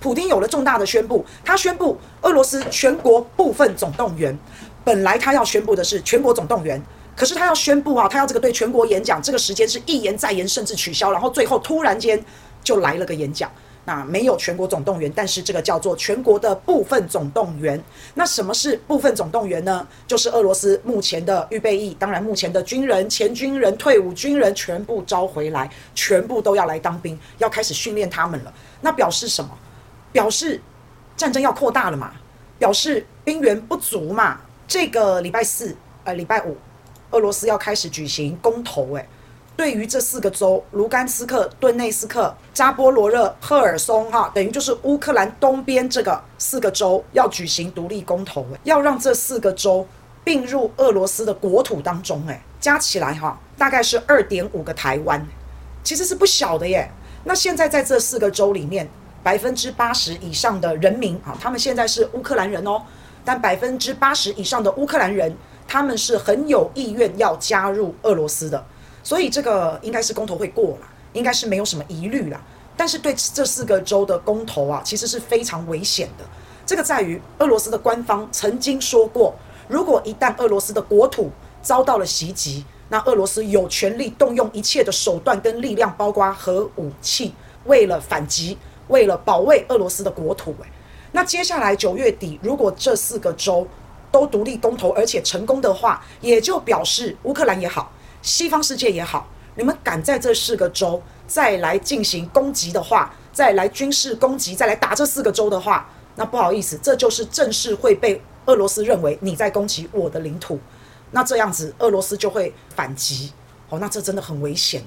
普丁有了重大的宣布，他宣布俄羅斯全國部分總動員。本來他要宣布的是全國總動員，可是他要宣布啊，他要這個對全國演講，這個時間是一延再延，甚至取消，然後最後突然間就來了個演講。那沒有全國總動員，但是這個叫做全國的部分總動員。那什麼是部分總動員呢？就是俄羅斯目前的預備役，當然目前的軍人、前軍人、退伍軍人全部召回來，全部都要來當兵，要開始訓練他們了。那表示什麼？表示戰爭要擴大了嘛？表示兵源不足嘛？這個禮拜四，呃，禮拜五，俄羅斯要開始舉行公投，誒，對於這四個州——盧甘斯克、頓內斯克、扎波羅熱、赫爾松，哈、啊，等於就是烏克蘭東邊這個四個州要舉行獨立公投，誒，要讓這四個州併入俄羅斯的國土當中，誒，加起來哈、哦，大概是二點五個台灣，其實是不小的耶。那現在在這四個州裡面。百分之八十以上的人民啊，他們現在是烏克蘭人哦，但百分之八十以上的烏克蘭人，他們是很有意願要加入俄羅斯的，所以這個應該是公投會過啦，應該是沒有什麼疑慮啦。但是對這四個州的公投啊，其實是非常危險的。這個在於俄羅斯的官方曾經說過，如果一旦俄羅斯的國土遭到了襲擊，那俄羅斯有權利動用一切的手段跟力量，包括核武器，為了反擊。為了保衛俄羅斯的國土，誒，那接下來九月底，如果這四個州都獨立公投，而且成功的話，也就表示烏克蘭也好，西方世界也好，你們敢在這四個州再來進行攻擊的話，再來軍事攻擊，再來打這四個州的話，那不好意思，這就是正式會被俄羅斯認為你在攻擊我的領土，那這樣子俄羅斯就會反擊，哦，那這真的很危險誒，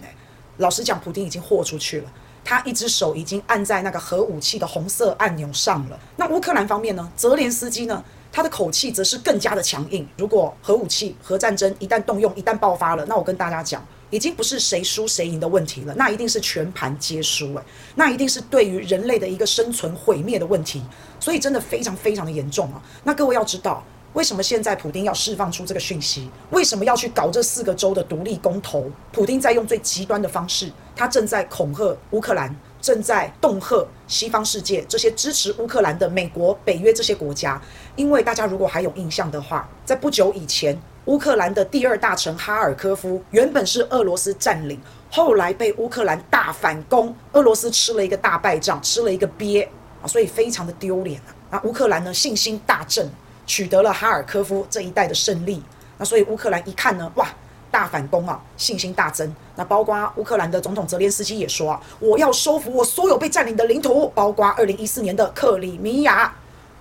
老實講，普丁已經豁出去了。他一隻手已經按在那個核武器的紅色按鈕上了。那烏克蘭方面呢？澤連斯基呢？他的口氣則是更加的強硬。如果核武器、核戰爭一旦動用、一旦爆發了，那我跟大家講，已經不是誰輸誰贏的問題了，那一定是全盤皆輸誒。那一定是對於人類的一個生存毀滅的問題。所以真的非常非常的嚴重啊！那各位要知道。為什麼現在普丁要釋放出這個訊息？為什麼要去搞這四個州的獨立公投？普丁在用最極端的方式，他正在恐嚇烏克蘭，正在恫嚇西方世界這些支持烏克蘭的美國、北約這些國家。因為大家如果還有印象的話，在不久以前，烏克蘭的第二大城哈爾科夫原本是俄羅斯占領，後來被烏克蘭大反攻，俄羅斯吃了一個大敗仗，吃了一個鱉啊，所以非常的丟臉啊！那烏克蘭呢，信心大振。取得了哈爾科夫這一帶的勝利，那所以烏克蘭一看呢，哇，大反攻啊，信心大增。那包括烏克蘭的總統澤連斯基也說啊，我要收復我所有被佔領的領土，包括二零一四年的克里米亞。啊、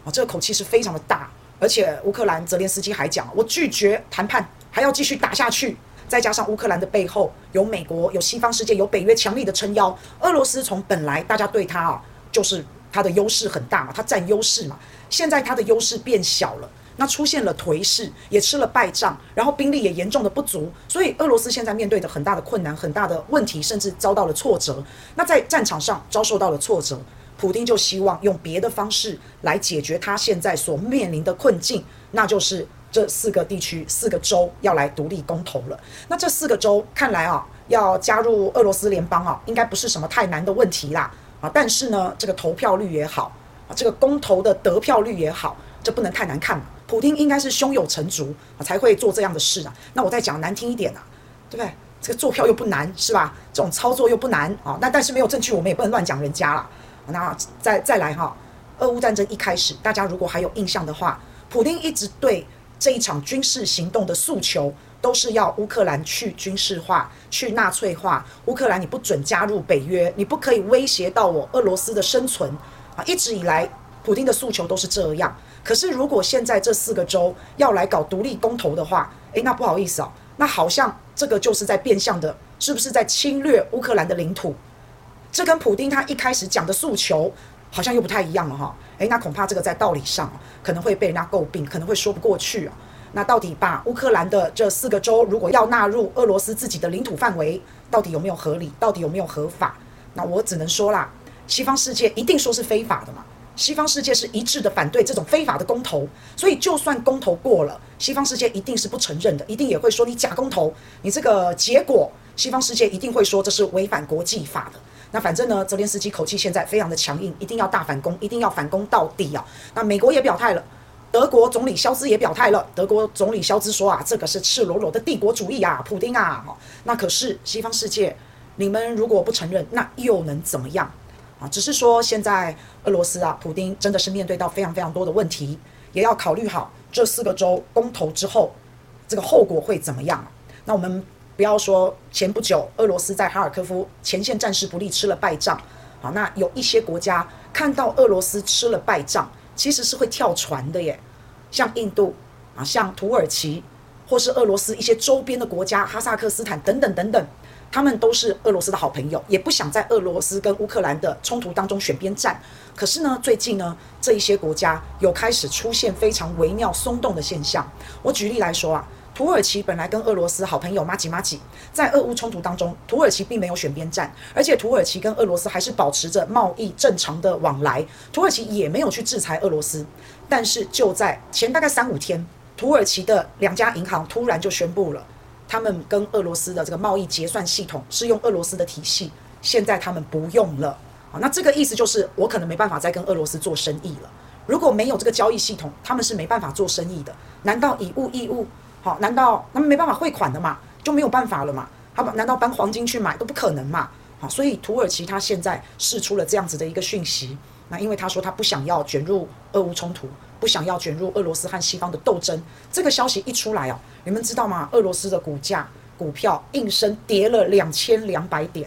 哦，這個口氣是非常的大。而且烏克蘭澤連斯基還講，我拒絕談判，還要繼續打下去。再加上烏克蘭的背後有美國、有西方世界、有北約強力的撐腰，俄羅斯從本來大家對他啊就是。它的優勢很大嘛，它占優勢嘛。現在它的優勢變小了，那出現了頹勢，也吃了敗仗，然後兵力也嚴重的不足。所以俄羅斯現在面對的很大的困難、很大的問題，甚至遭到了挫折。那在戰場上遭受到了挫折，普丁就希望用別的方式來解決他現在所面臨的困境，那就是這四個地區、四個州要來獨立公投了。那這四個州看來啊，要加入俄羅斯聯邦啊，應該不是什麼太難的問題啦。啊，但是呢，這個投票率也好，啊，這個公投的得票率也好，這不能太難看。普丁應該是胸有成竹、啊、才會做這樣的事啊。那我再講難聽一點啊，對不對？這個做票又不難是吧？這種操作又不難啊。那但是沒有證據，我們也不能亂講人家啦、啊。那再再來哈、啊，俄烏戰爭一開始，大家如果還有印象的話，普丁一直對這一場軍事行動的訴求。都是要烏克蘭去軍事化、去納粹化。烏克蘭你不准加入北約，你不可以威脅到我俄羅斯的生存啊！一直以來，普丁的訴求都是這樣。可是，如果現在這四個州要來搞獨立公投的話，誒、欸，那不好意思哦、啊，那好像這個就是在變相的，是不是在侵略烏克蘭的領土？這跟普丁他一開始講的訴求好像又不太一樣了哈、哦。誒、欸，那恐怕這個在道理上可能會被人家詬病，可能會說不過去啊。那到底把烏克蘭的這四個州如果要納入俄羅斯自己的領土範圍，到底有沒有合理？到底有沒有合法？那我只能說啦，西方世界一定說是非法的嘛。西方世界是一致的反對這種非法的公投，所以就算公投過了，西方世界一定是不承認的，一定也會說你假公投，你這個結果，西方世界一定會說這是違反國際法的。那反正呢，澤連斯基口氣現在非常的強硬，一定要大反攻，一定要反攻到底啊。那美國也表態了。德國總理肖茲也表態了。德國總理肖茲說啊，這個是赤裸裸的帝國主義啊，普丁啊，那可是西方世界。你們如果不承認，那又能怎麼樣？啊，只是說現在俄羅斯啊，普丁真的是面對到非常非常多的問題，也要考慮好這四個州公投之後，這個後果會怎麼樣啊。那我們不要說前不久俄羅斯在哈爾科夫前線戰事不利吃了敗仗，啊，那有一些國家看到俄羅斯吃了敗仗，其實是會跳船的耶，像印度啊，像土耳其，或是俄羅斯一些周邊的國家，哈薩克斯坦等等等等，他們都是俄羅斯的好朋友，也不想在俄羅斯跟烏克蘭的衝突當中選邊站。可是呢，最近呢，這一些國家有開始出現非常微妙鬆動的現象。我舉例來說啊。土耳其本來跟俄羅斯好朋友，麻吉麻吉在俄烏衝突當中，土耳其並沒有選邊站，而且土耳其跟俄羅斯還是保持着貿易正常的往來，土耳其也沒有去制裁俄羅斯。但是就在前大概三五天，土耳其的兩家銀行突然就宣布了，他們跟俄羅斯的這個貿易結算系統是用俄羅斯的體系，現在他們不用了。啊，那這個意思就是我可能沒辦法再跟俄羅斯做生意了。如果沒有這個交易系統，他們是沒辦法做生意的。難道以物易物？好，難道他們沒辦法匯款的嘛？就沒有辦法了嘛？好，難道搬黃金去買都不可能嘛？好，所以土耳其他現在釋出了這樣子的一個訊息。那因為他說他不想要捲入俄烏衝突，不想要捲入俄羅斯和西方的鬥爭。這個消息一出來哦、啊，你們知道嗎？俄羅斯的股價股票應聲跌了兩千兩百點。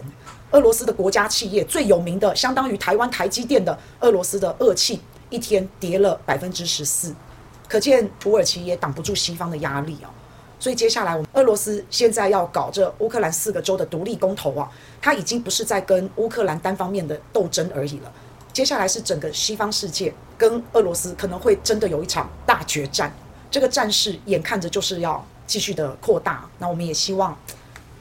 俄羅斯的國家企業最有名的，相當於台灣台積電的俄羅斯的俄氣，一天跌了百分之十四。可見土耳其也擋不住西方的壓力啊、哦。所以接下來我們俄羅斯現在要搞這烏克蘭四個州的獨立公投啊，它已經不是在跟烏克蘭單方面的鬥爭而已了。接下來是整個西方世界跟俄羅斯可能會真的有一場大決戰，這個戰事眼看着就是要繼續的擴大。那我們也希望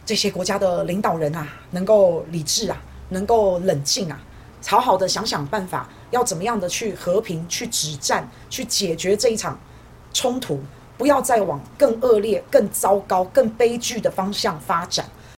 這些國家的領導人啊，能夠理智啊，能夠冷靜啊，好好的想想辦法，要怎麼樣的去和平、去止戰、去解決這一場衝突，不要再往更惡劣、更糟糕、更悲劇的方向發展。